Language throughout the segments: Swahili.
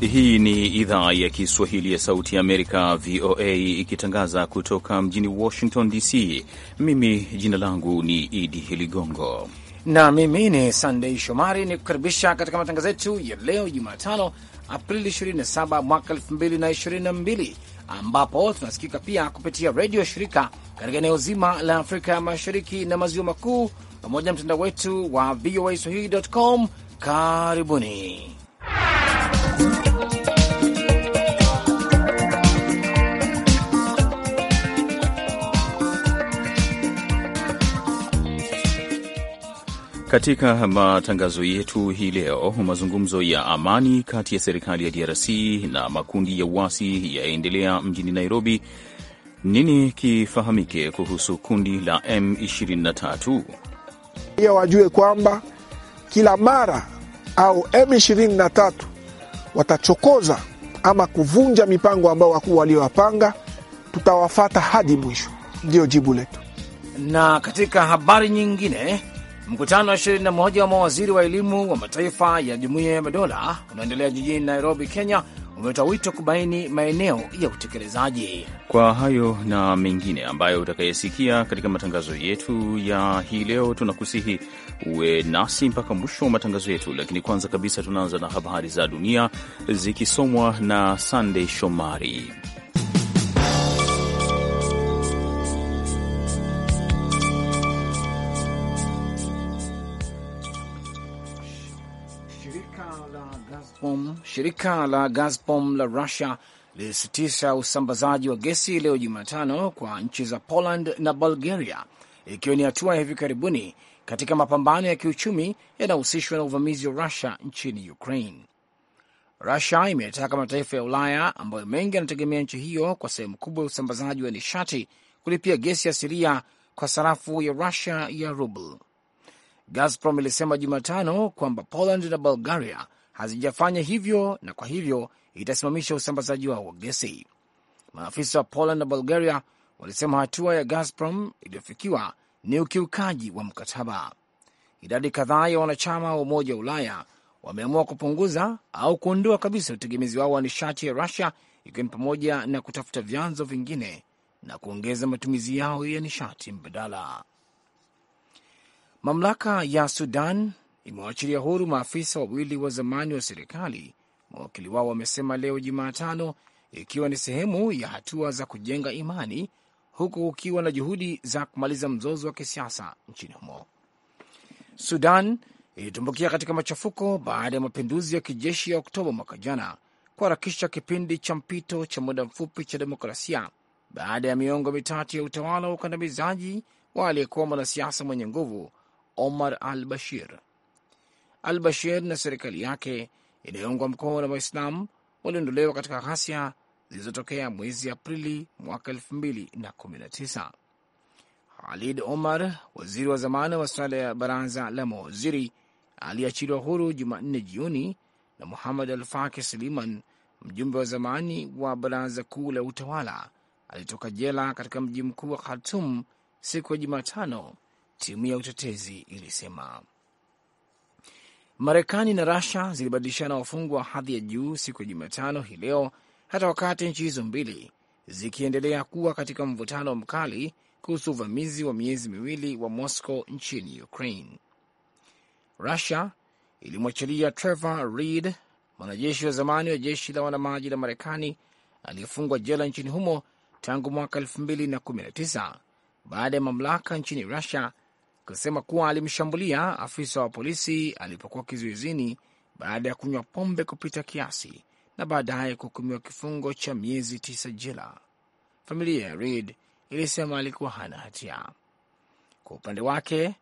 Hii ni idhaa ya Kiswahili ya Sauti ya Amerika, VOA, ikitangaza kutoka mjini Washington DC. Mimi jina langu ni Idi Ligongo na mimi ni Sandei Shomari ni kukaribisha katika matangazo yetu ya leo Jumatano, Aprili 27 mwaka 2022, ambapo tunasikika pia kupitia redio shirika katika eneo zima la Afrika Mashariki na Maziwa Makuu, pamoja na mtandao wetu wa VOA swahili.com. Karibuni. Katika matangazo yetu hii leo, mazungumzo ya amani kati ya serikali ya DRC na makundi ya uasi yaendelea mjini Nairobi. Nini kifahamike kuhusu kundi la M23? Pia wajue kwamba kila mara au M23 watachokoza ama kuvunja mipango ambao wakuu waliowapanga, tutawafata hadi mwisho. Ndiyo jibu letu. Na katika habari nyingine Mkutano wa 21 wa mawaziri wa elimu wa mataifa ya Jumuiya ya Madola unaoendelea jijini Nairobi, Kenya umetoa wito kubaini maeneo ya utekelezaji. Kwa hayo na mengine ambayo utakayesikia katika matangazo yetu ya hii leo, tunakusihi uwe nasi mpaka mwisho wa matangazo yetu, lakini kwanza kabisa tunaanza na habari za dunia zikisomwa na Sandey Shomari. Gazprom, shirika la Gazprom la Russia lilisitisha usambazaji wa gesi leo Jumatano kwa nchi za Poland na Bulgaria, ikiwa ni hatua ya hivi karibuni katika mapambano ya kiuchumi yanayohusishwa na uvamizi wa Rusia nchini Ukraine. Rusia imeyataka mataifa ya Ulaya ambayo mengi yanategemea nchi hiyo kwa sehemu kubwa ya usambazaji wa nishati kulipia gesi asilia kwa sarafu ya Rusia ya ruble. Gazprom ilisema Jumatano kwamba Poland na Bulgaria hazijafanya hivyo na kwa hivyo itasimamisha usambazaji wao wa gesi. Maafisa wa Poland na Bulgaria walisema hatua ya Gazprom iliyofikiwa ni ukiukaji wa mkataba. Idadi kadhaa ya wanachama wa Umoja wa Ulaya wameamua kupunguza au kuondoa kabisa utegemezi wao wa nishati ya Rusia, ikiwa ni pamoja na kutafuta vyanzo vingine na kuongeza matumizi yao ya nishati mbadala. Mamlaka ya Sudan imewachilia huru maafisa wawili wa zamani wa serikali, mawakili wao wamesema leo Jumatano, ikiwa ni sehemu ya hatua za kujenga imani huku kukiwa na juhudi za kumaliza mzozo wa kisiasa nchini humo. Sudan ilitumbukia katika machafuko baada ya mapinduzi ya kijeshi ya Oktoba mwaka jana kuharakisha kipindi cha mpito cha muda mfupi cha demokrasia baada ya miongo mitatu ya utawala wa ukandamizaji wa aliyekuwa mwanasiasa mwenye nguvu Omar al Bashir al Bashir na serikali yake inayoungwa mkono na Waislamu waliondolewa katika ghasia zilizotokea mwezi Aprili mwaka tisa. Khalid Omar, waziri wa zamani wa masuala ya baraza la mawaziri, aliachiliwa huru Jumanne jioni na Muhammad faki suliman mjumbe wa zamani wa baraza kuu la utawala, alitoka jela katika mji mkuu wa Khartum siku ya Jumatano, timu ya utetezi ilisema. Marekani na Russia zilibadilishana wafungwa wa hadhi ya juu siku ya Jumatano hii leo, hata wakati nchi hizo mbili zikiendelea kuwa katika mvutano mkali kuhusu uvamizi wa miezi miwili wa Moscow nchini Ukraine. Russia ilimwachilia Trevor Reed, mwanajeshi wa zamani wa jeshi la wanamaji la Marekani aliyefungwa jela nchini humo tangu mwaka 2019 baada ya mamlaka nchini rusia akisema kuwa alimshambulia afisa wa polisi alipokuwa kizuizini baada ya kunywa pombe kupita kiasi na baadaye kuhukumiwa kifungo cha miezi tisa jela. Familia ya Reid ilisema alikuwa hana hatia. Kwa upande wake,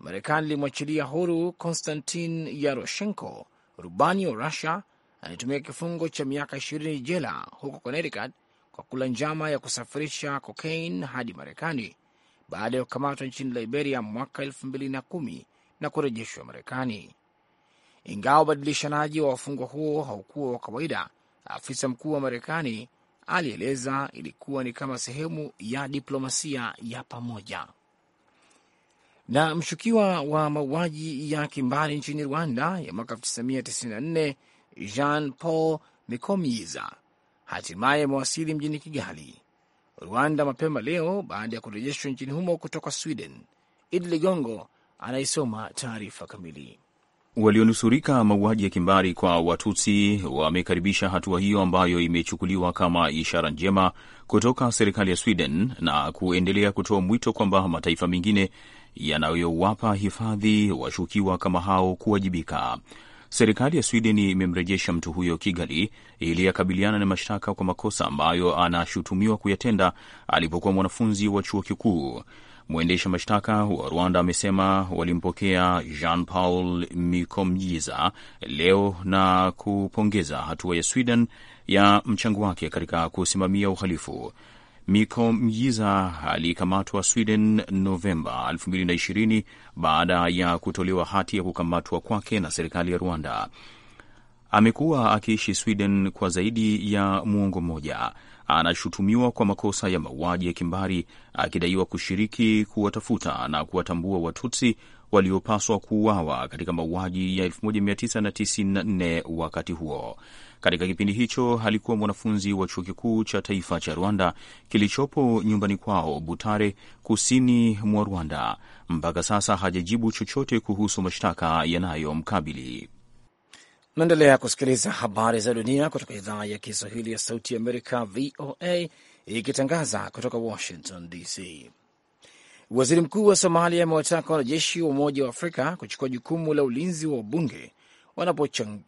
Marekani ilimwachilia huru Konstantin Yaroshenko, rubani wa Rusia anayetumia kifungo cha miaka ishirini jela huko Connecticut kwa kula njama ya kusafirisha kokain hadi Marekani baada ya kukamatwa nchini Liberia mwaka elfu mbili na kumi na kurejeshwa Marekani. Ingawa ubadilishanaji wa wafungwa huo haukuwa wa kawaida, afisa mkuu wa Marekani alieleza ilikuwa ni kama sehemu ya diplomasia ya pamoja. Na mshukiwa wa mauaji ya kimbari nchini Rwanda ya mwaka 1994 Jean Paul Mikomiyiza hatimaye amewasili mjini Kigali. Rwanda mapema leo baada ya kurejeshwa nchini humo kutoka Sweden. Idi Ligongo anaisoma taarifa kamili. Walionusurika mauaji ya kimbari kwa Watutsi wamekaribisha hatua hiyo ambayo imechukuliwa kama ishara njema kutoka serikali ya Sweden na kuendelea kutoa mwito kwamba mataifa mengine yanayowapa hifadhi washukiwa kama hao kuwajibika. Serikali ya Sweden imemrejesha mtu huyo Kigali ili yakabiliana na mashtaka kwa makosa ambayo anashutumiwa kuyatenda alipokuwa mwanafunzi wa chuo kikuu. Mwendesha mashtaka wa Rwanda amesema walimpokea Jean Paul Mikomyiza leo na kupongeza hatua ya Sweden ya mchango wake katika kusimamia uhalifu. Miko Mjiza alikamatwa Sweden Novemba 2020 baada ya kutolewa hati ya kukamatwa kwake na serikali ya Rwanda. Amekuwa akiishi Sweden kwa zaidi ya muongo mmoja. Anashutumiwa kwa makosa ya mauaji ya kimbari, akidaiwa kushiriki kuwatafuta na kuwatambua Watutsi waliopaswa kuuawa katika mauaji ya 1994 wakati huo. Katika kipindi hicho alikuwa mwanafunzi wa chuo kikuu cha taifa cha Rwanda kilichopo nyumbani kwao Butare, kusini mwa Rwanda. Mpaka sasa hajajibu chochote kuhusu mashtaka yanayomkabili. Naendelea kusikiliza habari za dunia kutoka idhaa ya Kiswahili ya Sauti ya Amerika, VOA, ikitangaza kutoka Washington DC. Waziri mkuu wa Somalia amewataka wanajeshi wa Umoja wa Afrika kuchukua jukumu la ulinzi wa bunge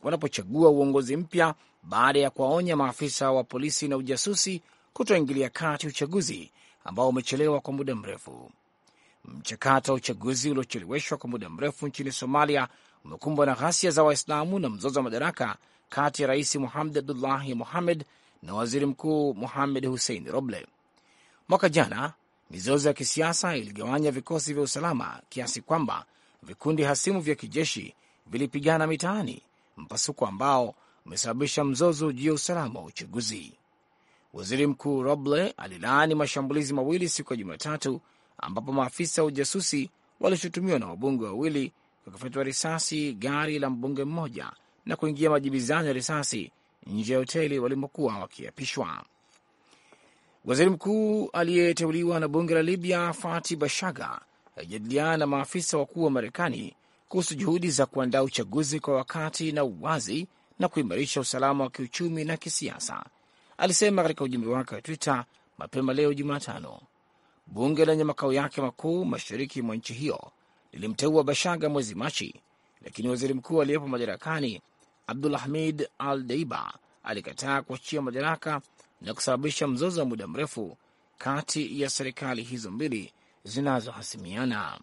wanapochagua uongozi mpya baada ya kuwaonya maafisa wa polisi na ujasusi kutoingilia kati uchaguzi ambao umechelewa kwa muda mrefu. Mchakato wa uchaguzi uliocheleweshwa kwa muda mrefu nchini Somalia umekumbwa na ghasia za Waislamu na mzozo wa madaraka kati ya Rais muhamed Abdullahi muhamed na Waziri Mkuu muhamed Hussein Roble. Mwaka jana mizozo ya kisiasa iligawanya vikosi vya usalama kiasi kwamba vikundi hasimu vya kijeshi vilipigana mitaani, mpasuko ambao umesababisha mzozo juu ya usalama wa uchaguzi. Waziri Mkuu Roble alilaani mashambulizi mawili siku ya Jumatatu ambapo maafisa wa ujasusi walishutumiwa na wabunge wawili wakifyatua risasi gari la mbunge mmoja na kuingia majibizano ya risasi nje ya hoteli walimokuwa wakiapishwa. Waziri mkuu aliyeteuliwa na bunge la Libya Fati Bashaga alijadiliana na maafisa wakuu wa Marekani kuhusu juhudi za kuandaa uchaguzi kwa wakati na uwazi na kuimarisha usalama wa kiuchumi na kisiasa, alisema katika ujumbe wake wa Twitter mapema leo Jumatano. Bunge lenye makao yake makuu mashariki mwa nchi hiyo lilimteua Bashaga mwezi Machi, lakini waziri mkuu aliyepo madarakani Abdulhamid Al Deiba alikataa kuachia madaraka na kusababisha mzozo wa muda mrefu kati ya serikali hizo mbili zinazohasimiana.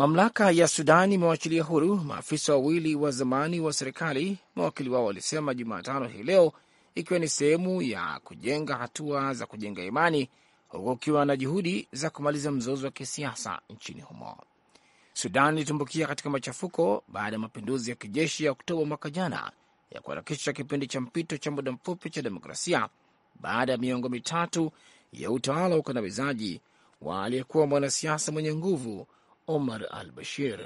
Mamlaka ya Sudan imewachilia huru maafisa wawili wa zamani wa serikali, mawakili wao walisema Jumatano hii leo, ikiwa ni sehemu ya kujenga hatua za kujenga imani, huku ukiwa na juhudi za kumaliza mzozo wa kisiasa nchini humo. Sudan ilitumbukia katika machafuko baada ya mapinduzi ya kijeshi ya Oktoba mwaka jana ya kuharakisha kipindi cha mpito cha muda mfupi cha demokrasia baada ya miongo mitatu ya utawala wa ukandamizaji wa aliyekuwa mwanasiasa mwenye nguvu Omar al Bashir.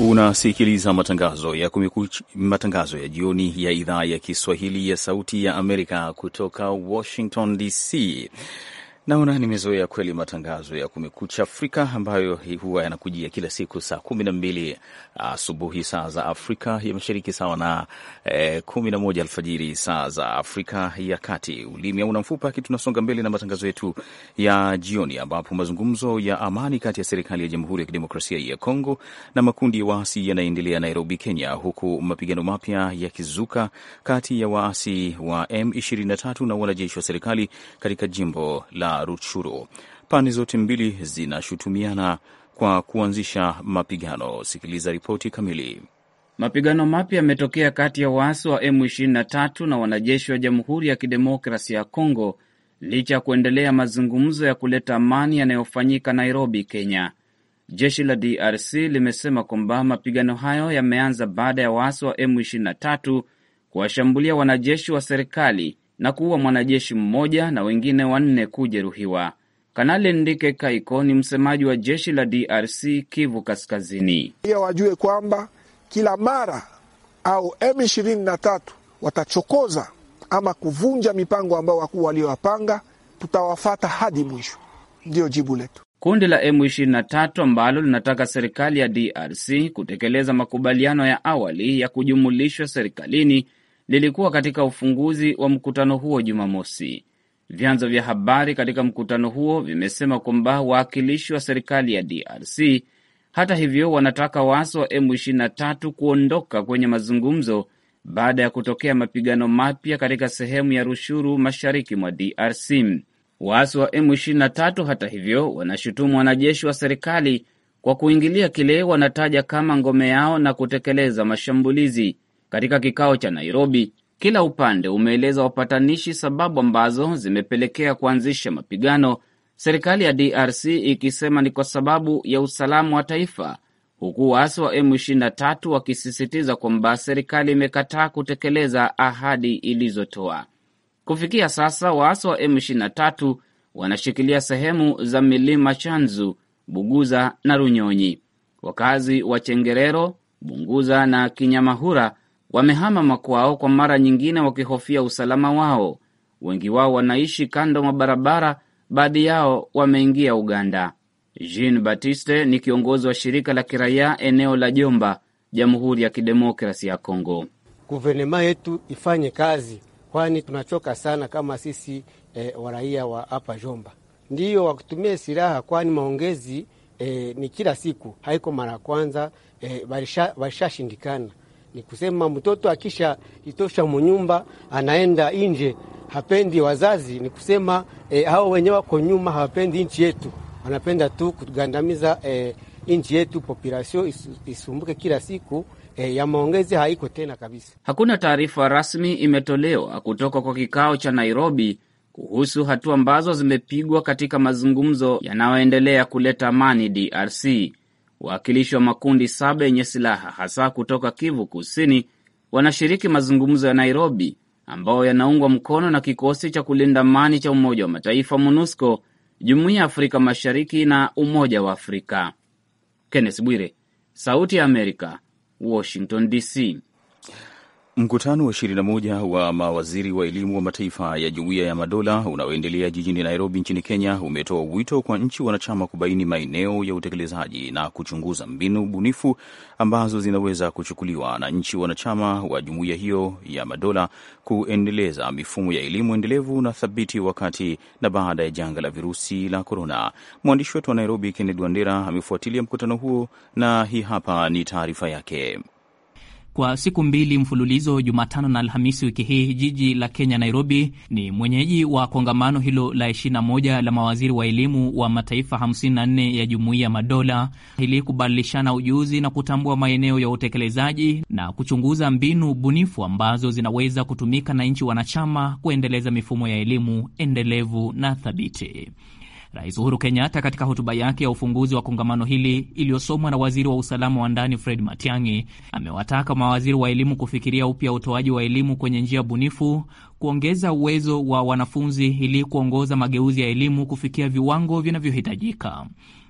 Unasikiliza matangazo ya kumekucha, matangazo ya jioni ya idhaa ya Kiswahili ya Sauti ya Amerika kutoka Washington DC. Naona nimezoea kweli matangazo ya Kumekucha Afrika ambayo huwa yanakujia kila siku saa kumi na mbili asubuhi saa za Afrika ya Mashariki, sawa na eh, kumi na moja alfajiri saa za Afrika ya Kati. Ulimi hauna mfupa, tunasonga mbele na matangazo yetu ya jioni, ambapo mazungumzo ya amani kati ya serikali ya Jamhuri ya Kidemokrasia ya Kongo na makundi ya waasi yanaendelea Nairobi, Kenya, huku mapigano mapya yakizuka kati ya waasi wa M23 na wanajeshi wa serikali katika jimbo la Rutshuru. Pande zote mbili zinashutumiana kwa kuanzisha mapigano. Sikiliza ripoti kamili. Mapigano mapya yametokea kati ya waasi wa M23 na wanajeshi wa Jamhuri ya Kidemokrasia ya Kongo licha ya kuendelea mazungumzo ya kuleta amani yanayofanyika Nairobi, Kenya. Jeshi la DRC limesema kwamba mapigano hayo yameanza baada ya waasi wa M23 kuwashambulia wanajeshi wa serikali na kuua mwanajeshi mmoja na wengine wanne kujeruhiwa. Kanali Ndike Kaiko ni msemaji wa jeshi la DRC Kivu Kaskazini. Pia wajue kwamba kila mara au M23 watachokoza ama kuvunja mipango ambao wakuu waliowapanga, tutawafata hadi mwisho. Ndiyo jibu letu. Kundi la M23 ambalo linataka serikali ya DRC kutekeleza makubaliano ya awali ya kujumulishwa serikalini lilikuwa katika ufunguzi wa mkutano huo Jumamosi. Vyanzo vya habari katika mkutano huo vimesema kwamba waakilishi wa serikali ya DRC hata hivyo wanataka waasi wa M23 kuondoka kwenye mazungumzo baada ya kutokea mapigano mapya katika sehemu ya Rushuru mashariki mwa DRC. Waasi wa M23 hata hivyo wanashutumu wanajeshi wa serikali kwa kuingilia kile wanataja kama ngome yao na kutekeleza mashambulizi. Katika kikao cha Nairobi, kila upande umeeleza wapatanishi sababu ambazo zimepelekea kuanzisha mapigano, serikali ya DRC ikisema ni kwa sababu ya usalama wa taifa, huku waasi wa M23 wakisisitiza kwamba serikali imekataa kutekeleza ahadi ilizotoa. Kufikia sasa waasi wa M23 wanashikilia sehemu za milima Chanzu, Buguza na Runyonyi. Wakazi wa Chengerero, Bunguza na Kinyamahura wamehama makwao kwa mara nyingine, wakihofia usalama wao. Wengi wao wanaishi kando mwa barabara, baadhi yao wameingia Uganda. Jean Batiste ni kiongozi wa shirika la kiraia eneo la Jomba, Jamhuri ya Kidemokrasi ya Kongo. Guvernema yetu ifanye kazi, kwani tunachoka sana kama sisi e, eh, waraia wa hapa Jomba. Ndiyo wakutumie silaha, kwani maongezi e, ni kila siku, haiko mara ya kwanza e, walishashindikana ni kusema mtoto akisha itosha munyumba anaenda nje, hapendi wazazi. Ni kusema e, hao wenyewe wako nyuma, hawapendi nchi yetu, wanapenda tu kugandamiza e, nchi yetu, populasio isumbuke kila siku. E, ya maongezi haiko tena kabisa. Hakuna taarifa rasmi imetolewa kutoka kwa kikao cha Nairobi kuhusu hatua ambazo zimepigwa katika mazungumzo yanayoendelea kuleta amani DRC. Wawakilishi wa makundi saba yenye silaha hasa kutoka Kivu Kusini wanashiriki mazungumzo ya Nairobi ambayo yanaungwa mkono na kikosi cha kulinda amani cha Umoja wa Mataifa MONUSCO, Jumuiya ya Afrika Mashariki na Umoja wa Afrika. Kenneth Bwire, Sauti ya Amerika, Washington DC. Mkutano wa 21 wa mawaziri wa elimu wa mataifa ya Jumuiya ya Madola unaoendelea jijini Nairobi nchini Kenya umetoa wito kwa nchi wanachama kubaini maeneo ya utekelezaji na kuchunguza mbinu bunifu ambazo zinaweza kuchukuliwa na nchi wanachama wa jumuiya hiyo ya madola kuendeleza mifumo ya elimu endelevu na thabiti wakati na baada ya janga la virusi la korona. Mwandishi wetu wa Nairobi Kennedy Wandera amefuatilia mkutano huo na hii hapa ni taarifa yake. Kwa siku mbili mfululizo, Jumatano na Alhamisi wiki hii, jiji la Kenya Nairobi ni mwenyeji wa kongamano hilo la 21 la mawaziri wa elimu wa mataifa 54 ya Jumuiya Madola ili kubadilishana ujuzi na kutambua maeneo ya utekelezaji na kuchunguza mbinu bunifu ambazo zinaweza kutumika na nchi wanachama kuendeleza mifumo ya elimu endelevu na thabiti. Rais Uhuru Kenyatta katika hotuba yake ya ufunguzi wa kongamano hili iliyosomwa na waziri wa usalama wa ndani Fred Matiang'i amewataka mawaziri wa elimu kufikiria upya utoaji wa elimu kwenye njia bunifu, kuongeza uwezo wa wanafunzi ili kuongoza mageuzi ya elimu kufikia viwango vinavyohitajika.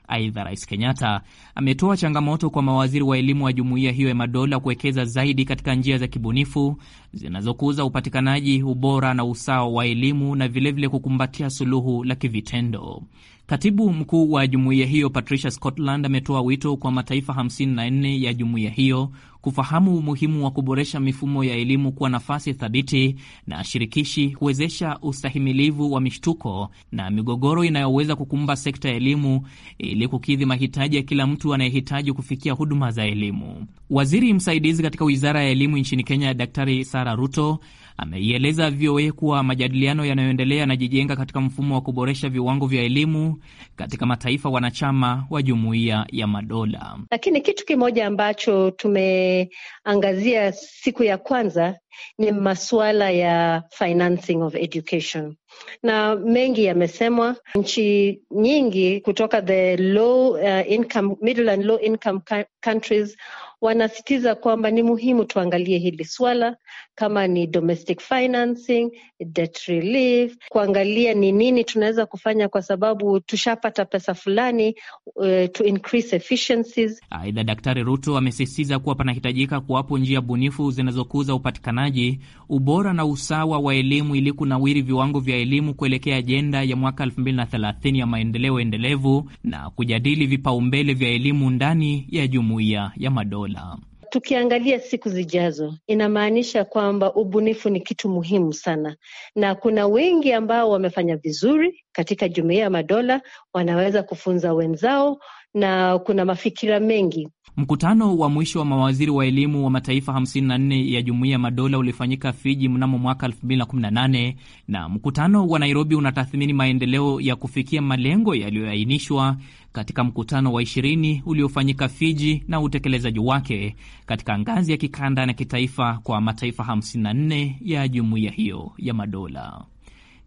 Aidha, Rais Kenyatta ametoa changamoto kwa mawaziri wa elimu wa jumuiya hiyo ya madola kuwekeza zaidi katika njia za kibunifu zinazokuza upatikanaji, ubora na usawa wa elimu na vilevile kukumbatia suluhu la kivitendo. Katibu mkuu wa jumuiya hiyo Patricia Scotland ametoa wito kwa mataifa 54 ya jumuiya hiyo kufahamu umuhimu wa kuboresha mifumo ya elimu kuwa nafasi thabiti na shirikishi, kuwezesha ustahimilivu wa mishtuko na migogoro inayoweza kukumba sekta ya elimu ili kukidhi mahitaji ya kila mtu anayehitaji kufikia huduma za elimu. Waziri msaidizi katika wizara ya elimu nchini Kenya, Daktari Sara Ruto ameieleza VOA kuwa majadiliano yanayoendelea yanajijenga katika mfumo wa kuboresha viwango vya elimu katika mataifa wanachama wa Jumuiya ya Madola. Lakini kitu kimoja ambacho tumeangazia siku ya kwanza ni masuala ya financing of education, na mengi yamesemwa. Nchi nyingi kutoka the low, uh, income, middle and low income countries wanasitiza kwamba ni muhimu tuangalie hili swala, kama ni domestic financing, debt relief, kuangalia ni nini tunaweza kufanya, kwa sababu tushapata pesa fulani uh, to increase efficiencies. Aidha, Daktari Ruto amesisitiza kuwa panahitajika kuwapo njia bunifu zinazokuza upatikanaji upatikanaji, ubora na usawa wa elimu ili kunawiri viwango vya elimu kuelekea ajenda ya mwaka 2030 ya maendeleo endelevu na kujadili vipaumbele vya elimu ndani ya jumuiya ya madola. Tukiangalia siku zijazo, inamaanisha kwamba ubunifu ni kitu muhimu sana, na kuna wengi ambao wamefanya vizuri katika jumuiya ya madola, wanaweza kufunza wenzao na kuna mafikira mengi. Mkutano wa mwisho wa mawaziri wa elimu wa mataifa 54 ya jumuiya ya madola ulifanyika Fiji mnamo mwaka 2018 na mkutano wa Nairobi unatathmini maendeleo ya kufikia malengo yaliyoainishwa katika mkutano wa 20 uliofanyika Fiji na utekelezaji wake katika ngazi ya kikanda na kitaifa kwa mataifa 54 ya jumuiya hiyo ya madola.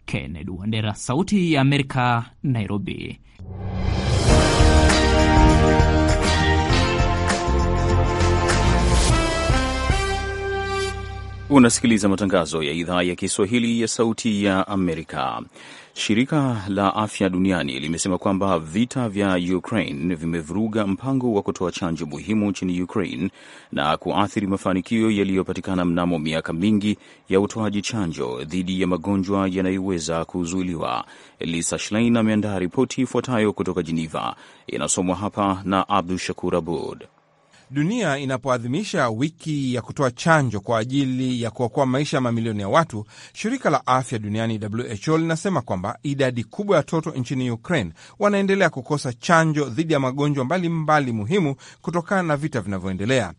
Kennedy Wandera, Sauti ya Amerika, Nairobi. Unasikiliza matangazo ya idhaa ya Kiswahili ya Sauti ya Amerika. Shirika la Afya Duniani limesema kwamba vita vya Ukraine vimevuruga mpango wa kutoa chanjo muhimu nchini Ukraine na kuathiri mafanikio yaliyopatikana mnamo miaka mingi ya utoaji chanjo dhidi ya magonjwa yanayoweza kuzuiliwa. Lisa Schlein ameandaa ripoti ifuatayo kutoka Geneva, inasomwa hapa na Abdu Shakur Abud. Dunia inapoadhimisha wiki ya kutoa chanjo kwa ajili ya kuokoa maisha ya mamilioni ya watu, shirika la afya duniani WHO linasema kwamba idadi kubwa ya watoto nchini Ukraine wanaendelea kukosa chanjo dhidi ya magonjwa mbalimbali muhimu kutokana na vita vinavyoendelea.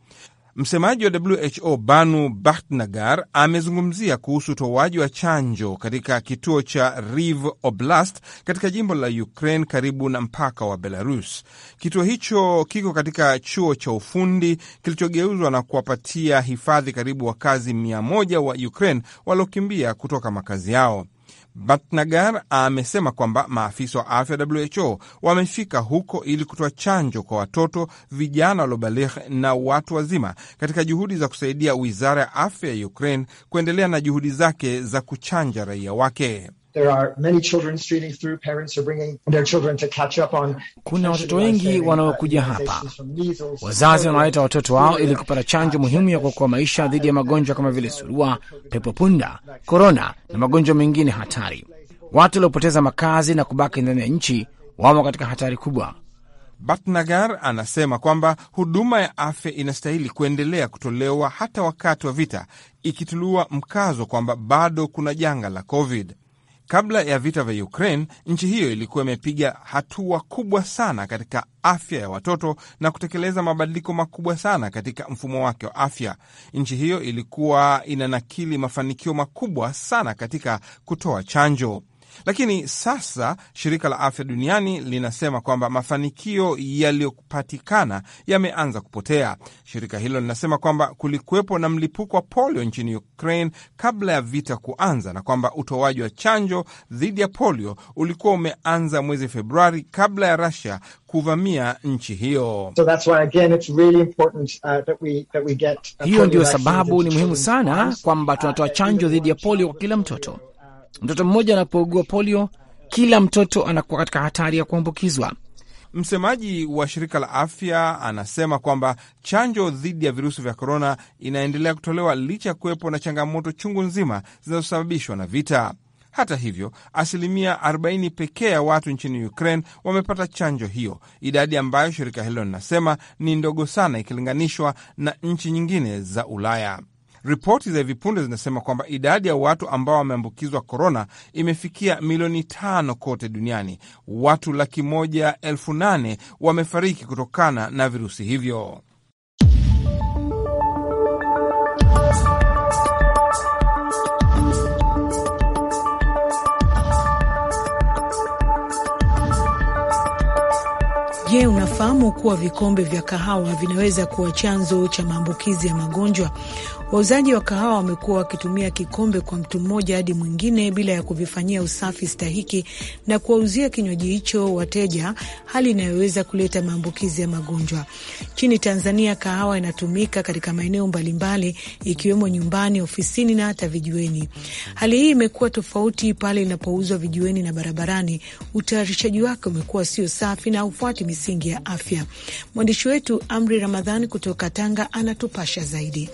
Msemaji wa WHO Banu Bahtnagar amezungumzia kuhusu utoaji wa chanjo katika kituo cha Riv Oblast katika jimbo la Ukraine karibu na mpaka wa Belarus. Kituo hicho kiko katika chuo cha ufundi kilichogeuzwa na kuwapatia hifadhi karibu wakazi mia moja wa Ukraine waliokimbia kutoka makazi yao. Batnagar amesema kwamba maafisa wa afya WHO wamefika huko ili kutoa chanjo kwa watoto, vijana waliobalighi na watu wazima katika juhudi za kusaidia wizara ya afya ya Ukraine kuendelea na juhudi zake za kuchanja raia wake. There are many children streaming through. Parents are bringing their children to catch up on. Kuna watoto wengi wanaokuja uh, hapa, wazazi wanawaleta watoto wao ili kupata chanjo uh, muhimu ya kuokoa maisha dhidi ya uh, magonjwa kama vile surua, pepo punda, korona na magonjwa mengine hatari. Watu waliopoteza makazi na kubaki ndani ya nchi wamo katika hatari kubwa. Batnagar anasema kwamba huduma ya afya inastahili kuendelea kutolewa hata wakati wa vita, ikitulua mkazo kwamba bado kuna janga la COVID. Kabla ya vita vya Ukraine, nchi hiyo ilikuwa imepiga hatua kubwa sana katika afya ya watoto na kutekeleza mabadiliko makubwa sana katika mfumo wake wa afya. Nchi hiyo ilikuwa inanakili mafanikio makubwa sana katika kutoa chanjo. Lakini sasa shirika la afya duniani linasema kwamba mafanikio yaliyopatikana yameanza kupotea. Shirika hilo linasema kwamba kulikuwepo na mlipuko wa polio nchini Ukraine kabla ya vita kuanza na kwamba utoaji wa chanjo dhidi ya polio ulikuwa umeanza mwezi Februari kabla ya Russia kuvamia nchi hiyo. So that's why again it's really important, uh, that we, that we get hiyo ndiyo sababu ni muhimu sana kwamba tunatoa uh, chanjo dhidi ya polio kwa kila mtoto Mtoto mmoja anapougua polio, kila mtoto anakuwa katika hatari ya kuambukizwa. Msemaji wa shirika la afya anasema kwamba chanjo dhidi ya virusi vya korona inaendelea kutolewa licha ya kuwepo na changamoto chungu nzima zinazosababishwa na vita. Hata hivyo, asilimia 40 pekee ya watu nchini Ukraine wamepata chanjo hiyo, idadi ambayo shirika hilo linasema ni ndogo sana ikilinganishwa na nchi nyingine za Ulaya. Ripoti za hivi punde zinasema kwamba idadi ya watu ambao wameambukizwa korona imefikia milioni tano kote duniani. Watu laki moja elfu nane wamefariki kutokana na virusi hivyo. Je, unafahamu kuwa vikombe vya kahawa vinaweza kuwa chanzo cha maambukizi ya magonjwa? Wauzaji wa kahawa wamekuwa wakitumia kikombe kwa mtu mmoja hadi mwingine bila ya kuvifanyia usafi stahiki na kuwauzia kinywaji hicho wateja, hali inayoweza kuleta maambukizi ya magonjwa. Nchini Tanzania, kahawa inatumika katika maeneo mbalimbali ikiwemo nyumbani, ofisini na hata vijiweni. Hali hii imekuwa tofauti pale inapouzwa vijiweni na barabarani. Utayarishaji wake umekuwa sio safi na haufuati misingi ya afya. Mwandishi wetu Amri Ramadhani kutoka Tanga anatupasha zaidi.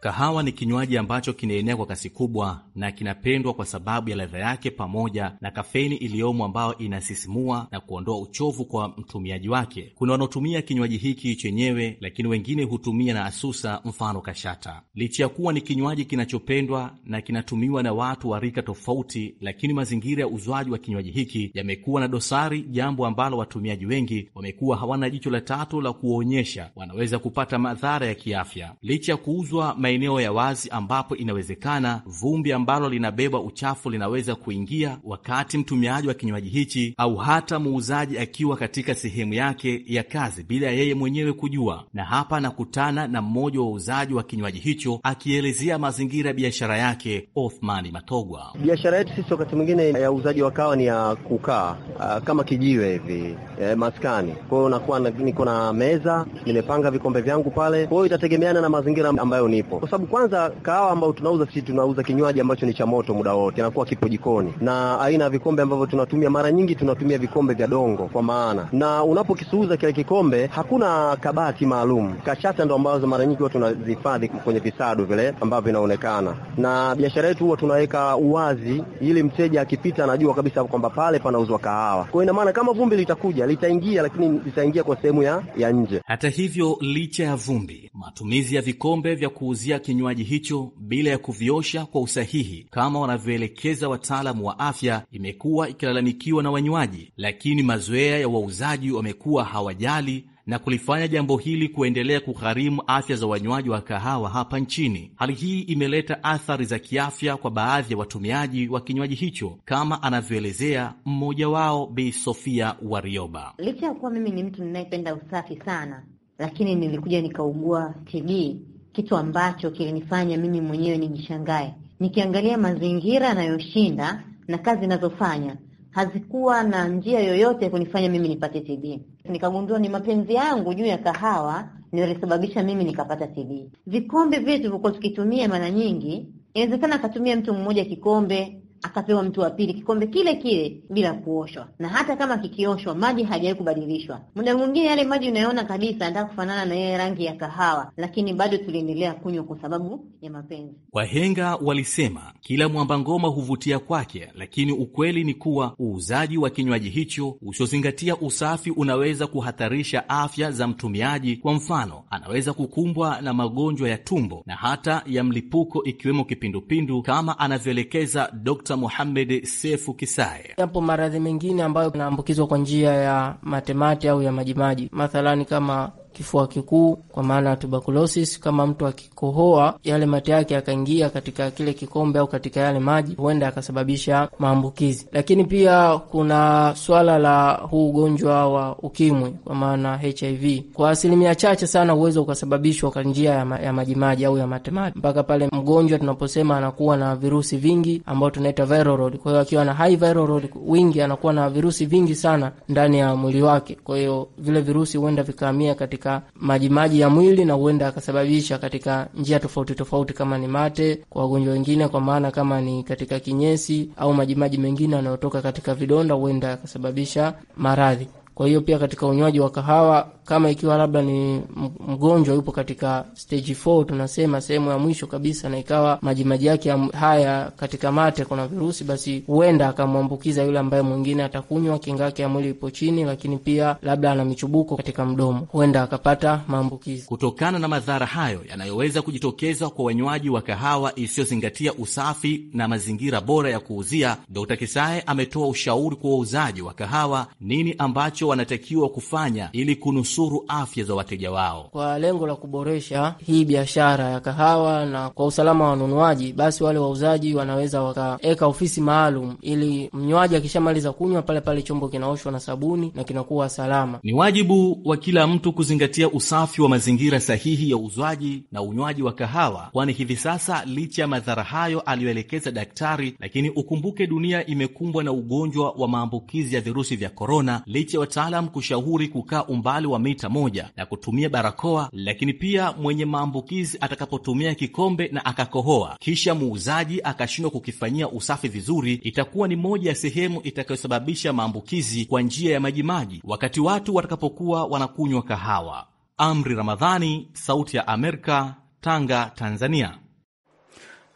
Kahawa ni kinywaji ambacho kinaenea kwa kasi kubwa na kinapendwa kwa sababu ya ladha yake pamoja na kafeini iliyomo ambayo inasisimua na kuondoa uchovu kwa mtumiaji wake. Kuna wanaotumia kinywaji hiki chenyewe, lakini wengine hutumia na asusa, mfano kashata. Licha ya kuwa ni kinywaji kinachopendwa na kinatumiwa na watu wa rika tofauti, lakini mazingira ya uzwaji wa kinywaji hiki yamekuwa na dosari, jambo ambalo watumiaji wengi wamekuwa hawana jicho la tatu la kuonyesha wanaweza kupata madhara ya kiafya, licha ya kuuzwa maeneo ya wazi ambapo inawezekana vumbi amba ambalo linabeba uchafu linaweza kuingia wakati mtumiaji wa kinywaji hichi au hata muuzaji akiwa katika sehemu yake ya kazi bila ya yeye mwenyewe kujua. Na hapa anakutana na mmoja wa wauzaji wa kinywaji hicho akielezea mazingira ya biashara yake, Othmani Matogwa. Biashara yetu sisi wakati mwingine ya uuzaji wa kawa ni ya kukaa ah, kama kijiwe hivi eh, maskani. Kwa hiyo nakuwa niko na meza, nimepanga vikombe vyangu pale, kwa hiyo itategemeana na mazingira ambayo nipo, kwa sababu kwanza kahawa ambayo tunauza sisi tunauza kinywaji ambacho ni cha moto muda wote, inakuwa kipo jikoni. Na aina ya vikombe ambavyo tunatumia, mara nyingi tunatumia vikombe vya dongo, kwa maana na unapokisuuza kile kikombe hakuna kabati maalum. Kashata ndo ambazo mara nyingi huwa tunazihifadhi kwenye visado vile ambavyo vinaonekana, na biashara yetu huwa tunaweka uwazi, ili mteja akipita anajua kabisa kwamba pale panauzwa kahawa. Kwa ina maana kama vumbi litakuja litaingia, lakini litaingia kwa sehemu ya, ya nje. Hata hivyo, licha ya vumbi, matumizi ya vikombe vya kuuzia kinywaji hicho bila ya kuviosha kwa usahihi sahihi kama wanavyoelekeza wataalamu wa afya imekuwa ikilalamikiwa na wanywaji, lakini mazoea ya wauzaji wamekuwa hawajali na kulifanya jambo hili kuendelea kugharimu afya za wanywaji wa kahawa hapa nchini. Hali hii imeleta athari za kiafya kwa baadhi ya watumiaji wa kinywaji hicho, kama anavyoelezea mmoja wao Bi Sofia Warioba. Licha ya kuwa mimi ni mtu ninayependa usafi sana, lakini nilikuja nikaugua TB, kitu ambacho kilinifanya mimi mwenyewe nijishangae nikiangalia mazingira yanayoshinda na kazi ninazofanya hazikuwa na njia yoyote ya kunifanya mimi nipate TB. Nikagundua ni mapenzi yangu juu ya kahawa nilisababisha mimi nikapata TB. Vikombe vyetu vilikuwa tukitumia mara nyingi, inawezekana akatumia mtu mmoja kikombe akapewa mtu wa pili kikombe kile kile bila kuoshwa, na hata kama kikioshwa maji hajawahi kubadilishwa. Muda mwingine yale maji unayoona kabisa anataka kufanana na yeye rangi ya kahawa, lakini bado tuliendelea kunywa kwa sababu ya mapenzi. Wahenga walisema kila mwamba ngoma huvutia kwake, lakini ukweli ni kuwa uuzaji wa kinywaji hicho usiozingatia usafi unaweza kuhatarisha afya za mtumiaji. Kwa mfano, anaweza kukumbwa na magonjwa ya tumbo na hata ya mlipuko ikiwemo kipindupindu kama anavyoelekeza Dr. Dr. Muhamed Sefu Kisae. Yapo maradhi mengine ambayo yanaambukizwa kwa njia ya matemate au ya majimaji, mathalani kama kifua kikuu, kwa maana ya tuberculosis. Kama mtu akikohoa yale mate yake yakaingia katika kile kikombe au katika yale maji, huenda yakasababisha maambukizi. Lakini pia kuna swala la huu ugonjwa wa ukimwi, kwa maana HIV, kwa asilimia chache sana huweza ukasababishwa kwa njia ya, ma ya majimaji au ya matemaji, mpaka pale mgonjwa tunaposema anakuwa na virusi vingi ambao tunaita viral load. Kwa hiyo akiwa na high viral load wingi, anakuwa na virusi vingi sana ndani ya mwili wake, kwa hiyo vile virusi huenda vikahamia katika katika majimaji ya mwili na huenda akasababisha katika njia tofauti tofauti, kama ni mate kwa wagonjwa wengine, kwa maana kama ni katika kinyesi au majimaji mengine yanayotoka katika vidonda, huenda akasababisha maradhi. Kwa hiyo pia katika unywaji wa kahawa kama ikiwa labda ni mgonjwa yupo katika stage 4 tunasema sehemu ya mwisho kabisa, na ikawa majimaji yake haya katika mate kuna virusi, basi huenda akamwambukiza yule ambaye mwingine atakunywa, kinga yake ya mwili ipo chini, lakini pia labda ana michubuko katika mdomo, huenda akapata maambukizi. Kutokana na madhara hayo yanayoweza kujitokeza kwa wanywaji wa kahawa isiyozingatia usafi na mazingira bora ya kuuzia, Dr. Kisae ametoa ushauri kwa wauzaji wa kahawa, nini ambacho wanatakiwa kufanya ili kunusu kunusuru afya za wateja wao. Kwa lengo la kuboresha hii biashara ya kahawa na kwa usalama wa wanunuaji, basi wale wauzaji wanaweza wakaweka ofisi maalum, ili mnywaji akishamaliza kunywa pale pale chombo kinaoshwa na sabuni na kinakuwa salama. Ni wajibu wa kila mtu kuzingatia usafi wa mazingira sahihi ya uuzwaji na unywaji wa kahawa, kwani hivi sasa licha ya madhara hayo aliyoelekeza daktari, lakini ukumbuke dunia imekumbwa na ugonjwa wa maambukizi ya virusi vya korona, licha ya wataalam kushauri kukaa umbali wa mita moja na kutumia barakoa, lakini pia mwenye maambukizi atakapotumia kikombe na akakohoa, kisha muuzaji akashindwa kukifanyia usafi vizuri, itakuwa ni moja ya sehemu itakayosababisha maambukizi kwa njia ya majimaji wakati watu watakapokuwa wanakunywa kahawa. Amri Ramadhani, Sauti ya Amerika, Tanga, Tanzania.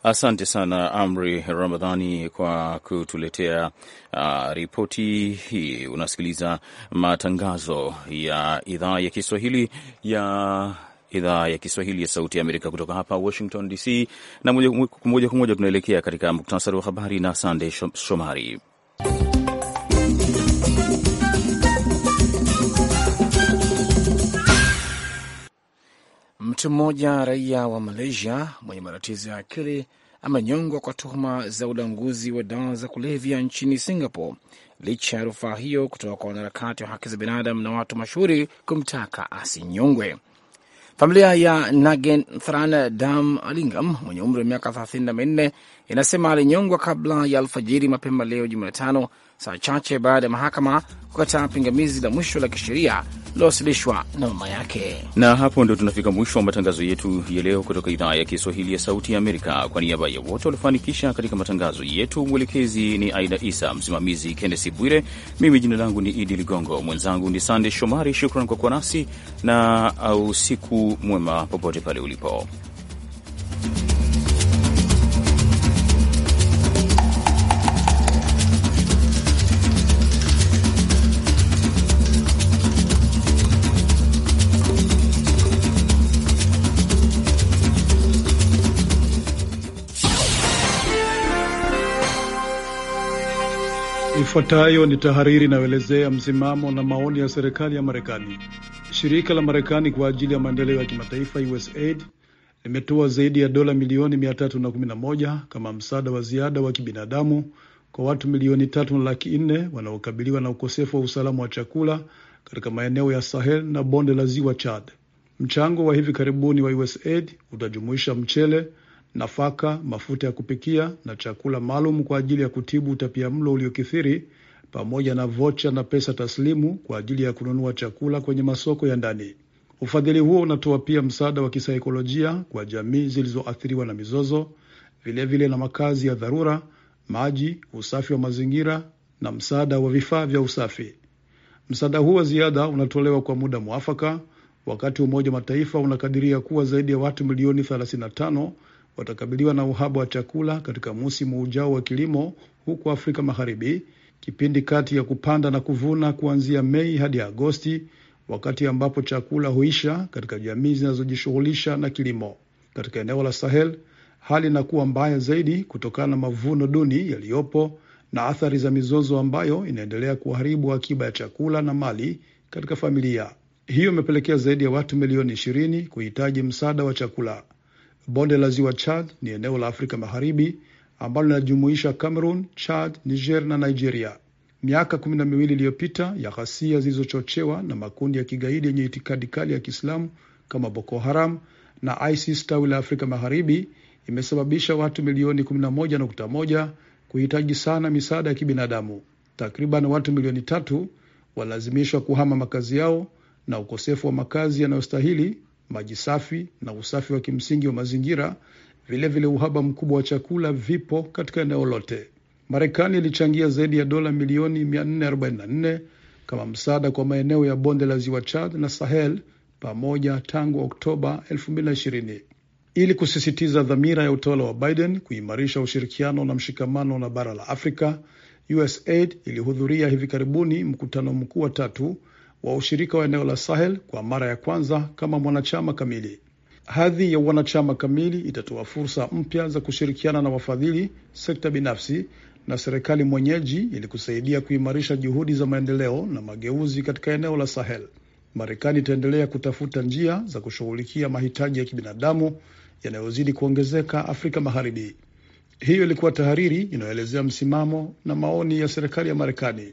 Asante sana Amri Ramadhani kwa kutuletea uh, ripoti hii. Unasikiliza matangazo ya idhaa ya Kiswahili ya idhaa ya Kiswahili ya Sauti ya Amerika kutoka hapa Washington DC, na moja kwa moja tunaelekea katika muktasari wa habari na Sandey Shomari. Mtu mmoja raia wa Malaysia mwenye matatizo ya akili amenyongwa kwa tuhuma za ulanguzi wa dawa za kulevya nchini Singapore licha ya rufaa hiyo kutoka kwa wanaharakati wa haki za binadamu na watu mashuhuri kumtaka asinyongwe. Familia ya Nagen Thran Dam Alingam mwenye umri wa miaka 34 inasema alinyongwa kabla ya alfajiri mapema leo Jumatano saa chache baada ya mahakama kukataa pingamizi la mwisho la kisheria lilowasilishwa na mama yake. Na hapo ndio tunafika mwisho wa matangazo yetu ya leo kutoka idhaa ya Kiswahili ya Sauti ya Amerika. Kwa niaba ya wote waliofanikisha katika matangazo yetu, mwelekezi ni Aida Isa, msimamizi Kennesi Bwire, mimi jina langu ni Idi Ligongo, mwenzangu ni Sande Shomari. Shukran kwa kuwa nasi na usiku mwema popote pale ulipo. Ifuatayo ni tahariri inayoelezea msimamo na maoni ya serikali ya Marekani. Shirika la Marekani kwa ajili ya maendeleo ya kimataifa USAID limetoa zaidi ya dola milioni 311 kama msaada wa ziada wa kibinadamu kwa watu milioni tatu na laki nne wanaokabiliwa na ukosefu wa usalama wa chakula katika maeneo ya Sahel na bonde la ziwa Chad. Mchango wa hivi karibuni wa USAID utajumuisha mchele nafaka, mafuta ya kupikia na chakula maalum kwa ajili ya kutibu utapiamlo uliokithiri pamoja na vocha na pesa taslimu kwa ajili ya kununua chakula kwenye masoko ya ndani. Ufadhili huo unatoa pia msaada wa kisaikolojia kwa jamii zilizoathiriwa na mizozo, vilevile vile na makazi ya dharura, maji, usafi wa mazingira na msaada wa vifaa vya usafi. Msaada huu wa ziada unatolewa kwa muda mwafaka, wakati Umoja wa Mataifa unakadiria kuwa zaidi ya watu milioni watakabiliwa na uhaba wa chakula katika msimu ujao wa kilimo huko Afrika Magharibi, kipindi kati ya kupanda na kuvuna kuanzia Mei hadi Agosti, wakati ambapo chakula huisha katika jamii zinazojishughulisha na kilimo. Katika eneo la Sahel hali inakuwa mbaya zaidi kutokana na mavuno duni yaliyopo na athari za mizozo ambayo inaendelea kuharibu akiba ya chakula na mali katika familia. Hiyo imepelekea zaidi ya watu milioni ishirini kuhitaji msaada wa chakula. Bonde la Ziwa Chad ni eneo la Afrika Magharibi ambalo linajumuisha Cameroon, Chad, Niger na Nigeria. Miaka kumi na miwili iliyopita ya ghasia zilizochochewa na makundi ya kigaidi yenye itikadi kali ya Kiislamu kama Boko Haram na ISIS tawi la Afrika Magharibi imesababisha watu milioni 11.1 kuhitaji sana misaada ya kibinadamu. Takriban watu milioni tatu walazimishwa kuhama makazi yao na ukosefu wa makazi yanayostahili maji safi na usafi wa kimsingi wa mazingira, vilevile vile uhaba mkubwa wa chakula vipo katika eneo lote. Marekani ilichangia zaidi ya dola milioni 444 kama msaada kwa maeneo ya bonde la ziwa Chad na Sahel pamoja tangu Oktoba 2020 ili kusisitiza dhamira ya utawala wa Biden kuimarisha ushirikiano na mshikamano na bara la Afrika. USAID ilihudhuria hivi karibuni mkutano mkuu wa tatu wa ushirika wa eneo la Sahel kwa mara ya kwanza kama mwanachama kamili. Hadhi ya wanachama kamili itatoa fursa mpya za kushirikiana na wafadhili, sekta binafsi na serikali mwenyeji ili kusaidia kuimarisha juhudi za maendeleo na mageuzi katika eneo la Sahel. Marekani itaendelea kutafuta njia za kushughulikia mahitaji ya kibinadamu yanayozidi kuongezeka Afrika Magharibi. Hiyo ilikuwa tahariri inayoelezea msimamo na maoni ya serikali ya Marekani.